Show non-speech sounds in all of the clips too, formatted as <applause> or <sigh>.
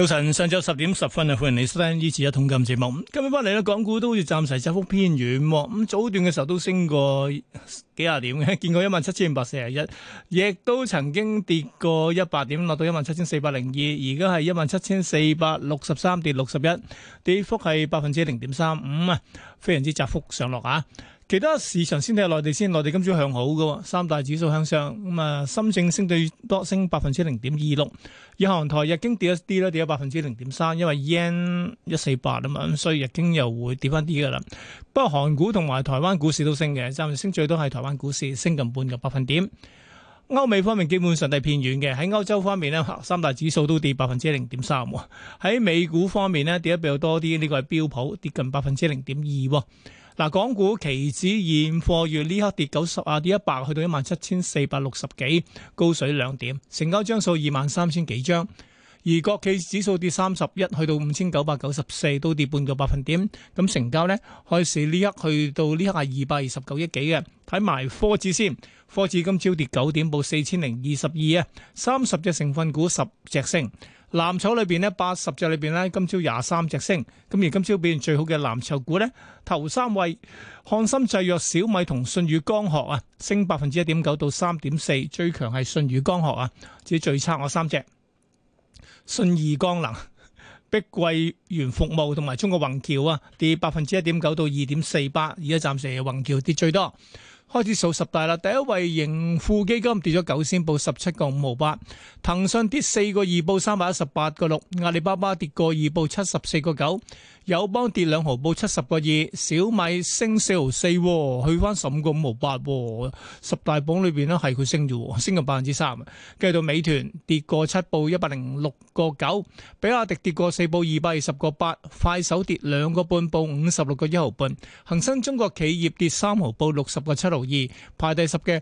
早晨，上晝十點十分啊，歡迎你收聽呢次一桶金節目。今日翻嚟咧，港股都好似暫時窄幅偏軟。咁早段嘅時候都升過幾廿點嘅，見過一萬七千五百四十一，亦都曾經跌過一百點，落到一萬七千四百零二。而家係一萬七千四百六十三，跌六十一，跌幅係百分之零點三五啊，非常之窄幅上落啊。其他市場先睇下內地先，內地今朝向好嘅，三大指數向上。咁啊，深證升最多，升百分之零點二六。以韓台日經跌一啲啦，跌咗百分之零點三，因為 yen 一四八啊嘛，所以日經又會跌翻啲嘅啦。不過韓股同埋台灣股市都升嘅，暫時升最多係台灣股市，升近半個百分點。歐美方面基本上係偏軟嘅，喺歐洲方面呢，三大指數都跌百分之零點三喎。喺美股方面呢，跌得比較多啲，呢個係標普跌近百分之零點二喎。嗱，港股期指現貨月呢刻跌九十啊，跌一百去到一萬七千四百六十幾，高水兩點，成交張數二萬三千幾張。而國企指數跌三十一，去到五千九百九十四，都跌半個百分點。咁成交呢，開始呢刻去到呢刻係二百二十九億幾嘅。睇埋科指先，科指今朝跌九點，報四千零二十二啊，三十隻成分股十隻升。藍籌裏邊呢，八十隻裏邊呢，今朝廿三隻升，咁而今朝表現最好嘅藍籌股呢，頭三位漢森製藥、小米同舜宇光學啊，升百分之一點九到三點四，最強係舜宇光學啊。至於最差我三隻，信義光能、碧桂園服務同埋中國宏橋啊，跌百分之一點九到二點四八，而家暫時係宏橋跌最多。開始數十大啦，第一位盈富基金跌咗九仙，報十七個五毫八；騰訊跌四個二，報三百一十八個六；阿里巴巴跌個二，報七十四個九。友邦跌兩毫報七十個二，小米升四毫四，去翻十五個五毫八。十大榜裏邊咧係佢升咗，升咗百分之三。跟住到美團跌個七毫報一百零六個九，比亞迪跌個四毫報二百二十個八，快手跌兩個半報五十六個一毫半，恒生中國企業跌三毫報六十個七毫二，排第十嘅。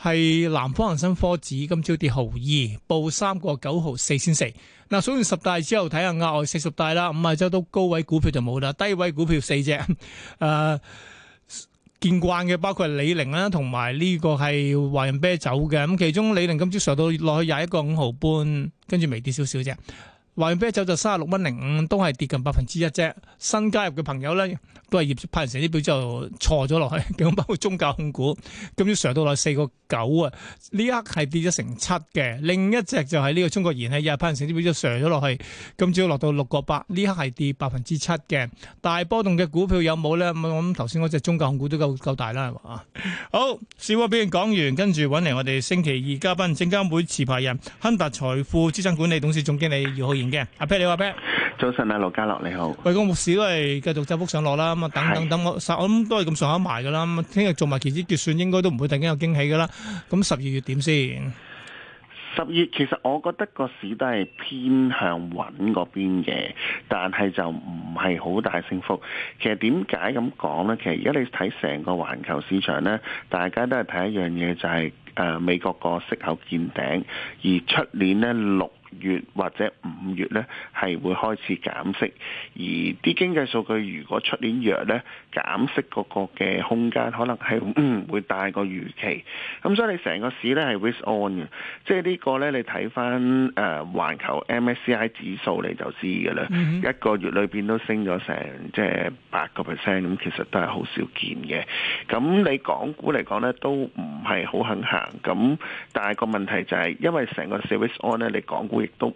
係南方恒生科指今朝跌毫二，報三個九毫四千四。嗱，數完十大之後睇下額外四十大啦，五十周都高位股票就冇啦，低位股票四隻。誒、呃，見慣嘅包括李寧啦，同埋呢個係華潤啤酒嘅。咁其中李寧今朝上到落去廿一個五毫半，跟住微跌少少啫。華潤啤酒就三十六蚊零五，都係跌近百分之一啫。新加入嘅朋友咧。都係業績派人成績表就錯咗落去，咁包括中教控股，今朝上到落四個九啊！呢刻係跌咗成七嘅。另一隻就係呢個中國燃氣，又派人成績表就上咗落去，今朝落到六個八，呢刻係跌百分之七嘅。大波動嘅股票有冇咧？我諗頭先嗰隻中教控股都夠夠大啦，係嘛？好，小波表現講完，跟住揾嚟我哋星期二嘉賓，證監會持牌人，亨達財富資產管理董事總經理姚浩然嘅。阿啤，你好，阿啤？早晨啊，羅家樂你好。喂，個股市都係繼續窄幅上落啦。等等等是我想，我諗都係咁上一排噶啦。聽日做埋期指結算，應該都唔會突然間有驚喜噶啦。咁十二月點先？十二月其實我覺得個市都係偏向穩嗰邊嘅，但係就唔係好大升幅。其實點解咁講呢？其實而家你睇成個環球市場呢，大家都係睇一樣嘢，就係、是、誒美國個息口見頂，而出年呢。六。月或者五月咧，係會開始減息，而啲經濟數據如果出年弱咧，減息嗰個嘅空間可能係會大過預期，咁所以你成個市咧係 risk on 嘅。即係呢個咧，你睇翻誒環球 MSCI 指數你就知㗎啦，一個月裏邊都升咗成即係八個 percent，咁其實都係好少見嘅。咁你港股嚟講咧都唔係好肯行，咁但係個問題就係因為成個社會 on 咧，你港股亦都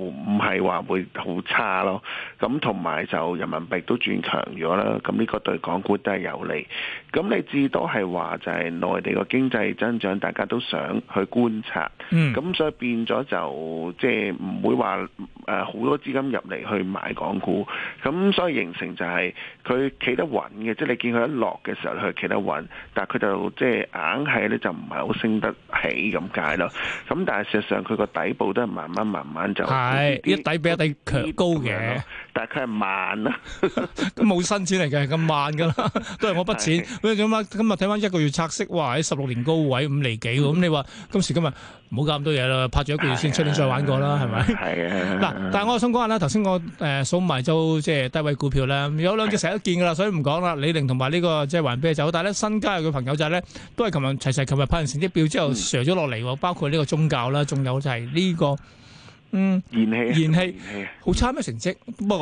唔唔係話會好差咯，咁同埋就人民幣都轉強咗啦，咁、這、呢個對港股都係有利。咁你至多係話就係內地個經濟增長，大家都想去觀察，咁、嗯、所以變咗就即係唔會話誒好多資金入嚟去買港股，咁所以形成就係佢企得穩嘅，即、就、係、是、你見佢一落嘅時候佢企得穩，但係佢就即係硬係咧就唔係好升得起咁解咯。咁但係事實上佢個底部都係慢。慢慢慢慢就係一底比一底強高嘅，但係佢係慢啦，都冇新錢嚟嘅，咁慢噶啦，都係我筆錢。咁啊，今日睇翻一個月拆息，哇！喺十六年高位五厘幾喎。咁你話今時今日唔好搞咁多嘢啦，拍住一個月先，出年再玩過啦，係咪？係嗱，但係我想講下啦，頭先我誒數埋就即係低位股票啦，有兩隻成日都見㗎啦，所以唔講啦。李寧同埋呢個即係環啤酒，但係咧新加入嘅朋友就咧都係琴日齊齊，琴日拍完成績表之後瀡咗落嚟喎，包括呢個中教啦，仲有就係呢個。嗯，燃氣燃氣好差咩？成績？不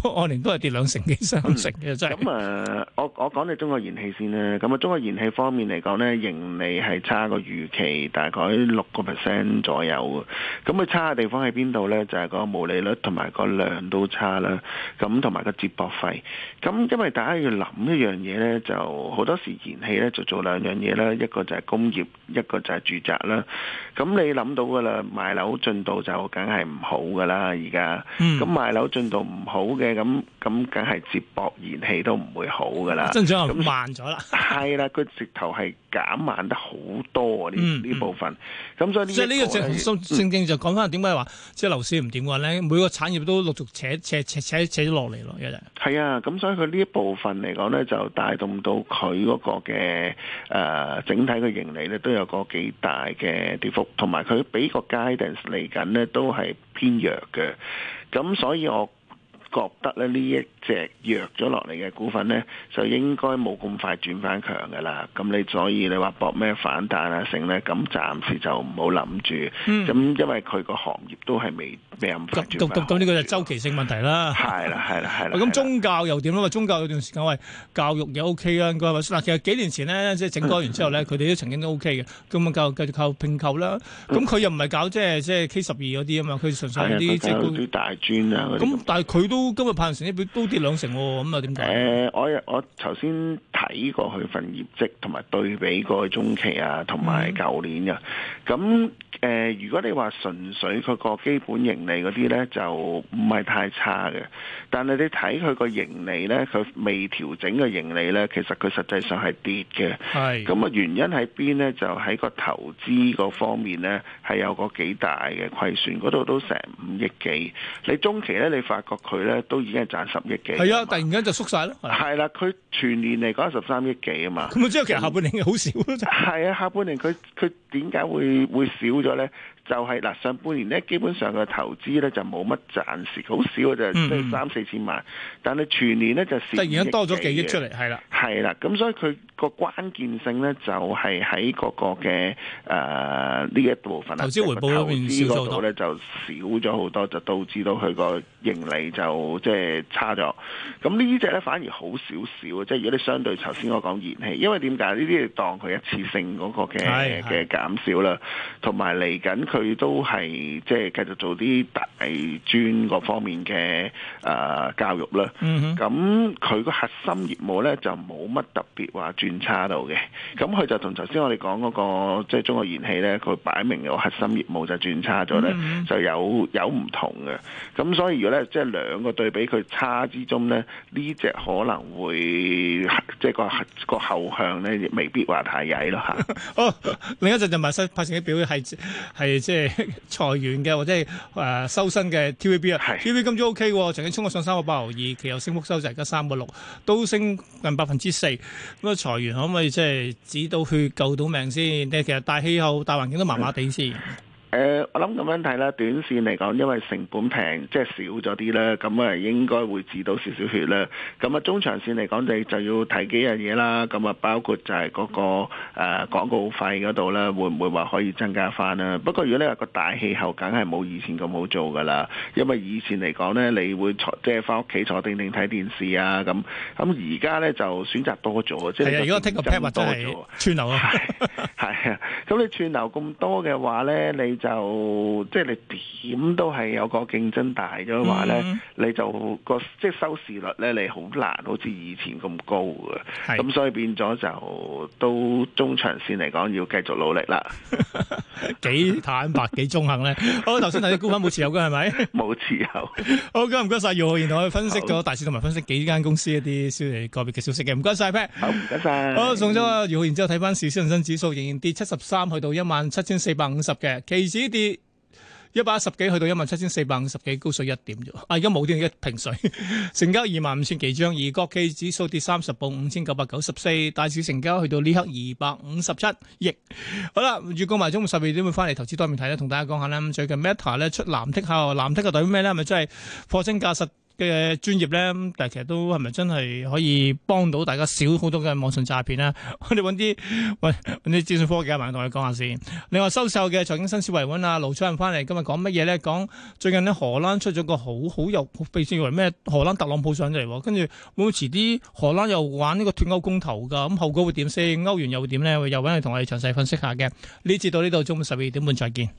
過按年都係跌兩成幾、三成嘅真係。咁啊，我我講你中國燃氣先啦。咁啊，中國燃氣方面嚟講咧，盈利係差個預期，大概六個 percent 左右嘅。咁佢差嘅地方喺邊度咧？就係個毛利率同埋個量都差啦。咁同埋個接駁費。咁因為大家要諗一樣嘢咧，就好多時燃氣咧就做兩樣嘢啦，一個就係工業，一個就係住宅啦。咁你諗到噶啦，賣樓進度就好。梗係唔好噶啦，而家咁賣樓進度唔好嘅，咁咁梗係接駁燃氣都唔會好噶啦。增長慢咗啦，係啦，佢直頭係減慢得好多呢呢部分。咁所以即係呢個正正正就講翻點解話即係樓市唔掂話咧？每個產業都陸續扯扯扯扯咗落嚟咯，其實係啊。咁所以佢呢一部分嚟講咧，就帶動到佢嗰個嘅誒整體嘅盈利咧，都有個幾大嘅跌幅，同埋佢俾個 guidance 嚟緊咧都。都係偏弱嘅，咁所以我覺得咧呢一隻弱咗落嚟嘅股份咧，就應該冇咁快轉翻強噶啦。咁你所以你話搏咩反彈啊成咧？咁暫時就唔好諗住。咁、嗯、因為佢個行業都係未咩咁呢個就周期性問題啦。係啦係啦係啦。咁 <laughs> 中教又點啊？中教有段時間喂，教育又 OK 啊，嗱其實幾年前咧即係整改完之後咧，佢哋、嗯、都曾經都 OK 嘅。咁啊教繼續靠拼購啦。咁佢又唔係搞即係即係 K 十二嗰啲啊嘛？佢純粹係啲即係啲大專啊。咁但係佢都。今日派完息，都跌兩成，咁啊，點解？誒、呃，我我頭先睇過去份業績，同埋對比過去中期啊，同埋舊年啊咁誒、嗯呃，如果你話純粹佢個基本盈利嗰啲咧，就唔係太差嘅。但係你睇佢個盈利咧，佢未調整嘅盈利咧，其實佢實際上係跌嘅。係咁啊，原因喺邊咧？就喺個投資嗰方面咧，係有個幾大嘅虧損，嗰度都成五億幾。你中期咧，你發覺佢咧。都已經係賺十億幾，係啊！突然間就縮晒咯，係啦、啊，佢、啊、全年嚟講十三億幾啊嘛，咁啊、嗯！即係其實下半年好少咯、啊，係啊，下半年佢佢點解會會少咗咧？就係、是、嗱，上半年咧基本上嘅投資咧就冇乜賺，時好少，就即係三四千萬。嗯、但係全年咧就突然間多咗幾億出嚟，係啦，係啦。咁所以佢個關鍵性咧就係喺嗰個嘅誒呢一部分啦。投資回報嘅、啊、投資度咧就少咗好多，多就導致到佢個盈利就即係、就是、差咗。咁呢隻咧反而好少少，即、就、係、是、如果你相對頭先我講燃氣，因為點解呢啲當當佢一次性嗰個嘅嘅減少啦，同埋嚟緊。佢都係即係繼續做啲大專嗰方面嘅啊、呃、教育啦。咁佢個核心業務咧就冇乜特別話轉差到嘅。咁佢就同頭先我哋講嗰個即係中國燃氣咧，佢擺明有核心業務就轉差咗咧，嗯、哼就有有唔同嘅。咁所以如果咧即係兩個對比，佢差之中咧呢隻、這個、可能會即係個個後向咧，亦未必話太曳咯嚇。哦， <laughs> 另一隻就問新拍成嘅表係係。是即係裁員嘅，或者係誒、呃、收身嘅 TVB 啊是，TVB 今朝 O K 喎，曾經衝過上三個八毫二，其後升幅收就而家三個六，都升近百分之四。咁啊裁員可唔可以即係指到去救到命先？你其實大氣候、大環境都麻麻地先。嗯誒、呃，我諗咁樣睇啦，短線嚟講，因為成本平，即係少咗啲啦，咁啊應該會止到少少血啦。咁啊中長線嚟講，你就要睇幾樣嘢啦。咁啊包括就係嗰、那個誒廣、呃、告費嗰度咧，會唔會話可以增加翻啦？不過如果你話個大氣候梗係冇以前咁好做噶啦，因為以前嚟講咧，你會坐即係翻屋企坐定定睇電視啊咁。咁而家咧就選擇多咗，的即係如果聽個 plan 話真係串流啊的，係啊。 <laughs> 咁你串流咁多嘅話咧，你就即係你點都係有個競爭大咗嘅話咧、嗯，你就個即係收視率咧，你好難好似以前咁高嘅。咁是所以變咗就都中長線嚟講要繼續努力啦。幾 <laughs> 坦白幾中肯咧？好，頭先睇啲股份冇持有嘅係咪？冇持有。好，咁唔該晒，姚浩然同我哋分析咗大市同埋分析幾間公司一啲消息，個別嘅消息嘅。唔該晒 Pat，好唔該晒。好，謝謝嗯、送咗啊，姚浩然之後睇翻市新恒生指數仍然跌七十三去到一萬七千四百五十嘅。止跌一百一十幾，去到一萬七千四百五十幾，高水一點啫。啊，而家冇啲一平水，成交二萬五千幾張。而國企指數跌三十，報五千九百九十四。大市成交去到呢刻二百五十七億。好啦，預告埋中午十二點會翻嚟投資多面睇啦，同大家講下啦。最近 Meta 咧出藍剔後，藍剔嘅代表咩咧？咪即係貨真價實。嘅專業咧，但其實都係咪真係可以幫到大家少好多嘅網上詐騙咧？ <laughs> 啊、我哋搵啲揾啲資訊科技啊，埋同我哋嚟講下先。另外收售嘅財經新思維穩啊，盧彩人翻嚟，今日講乜嘢咧？講最近咧荷蘭出咗個好好有被稱為咩荷蘭特朗普上嚟，跟住會唔會遲啲荷蘭又玩呢個脫歐公投噶？咁後果會點先？歐元又會點咧？又搵你同我哋詳細分析下嘅。呢節到呢度，中午十二點半再見。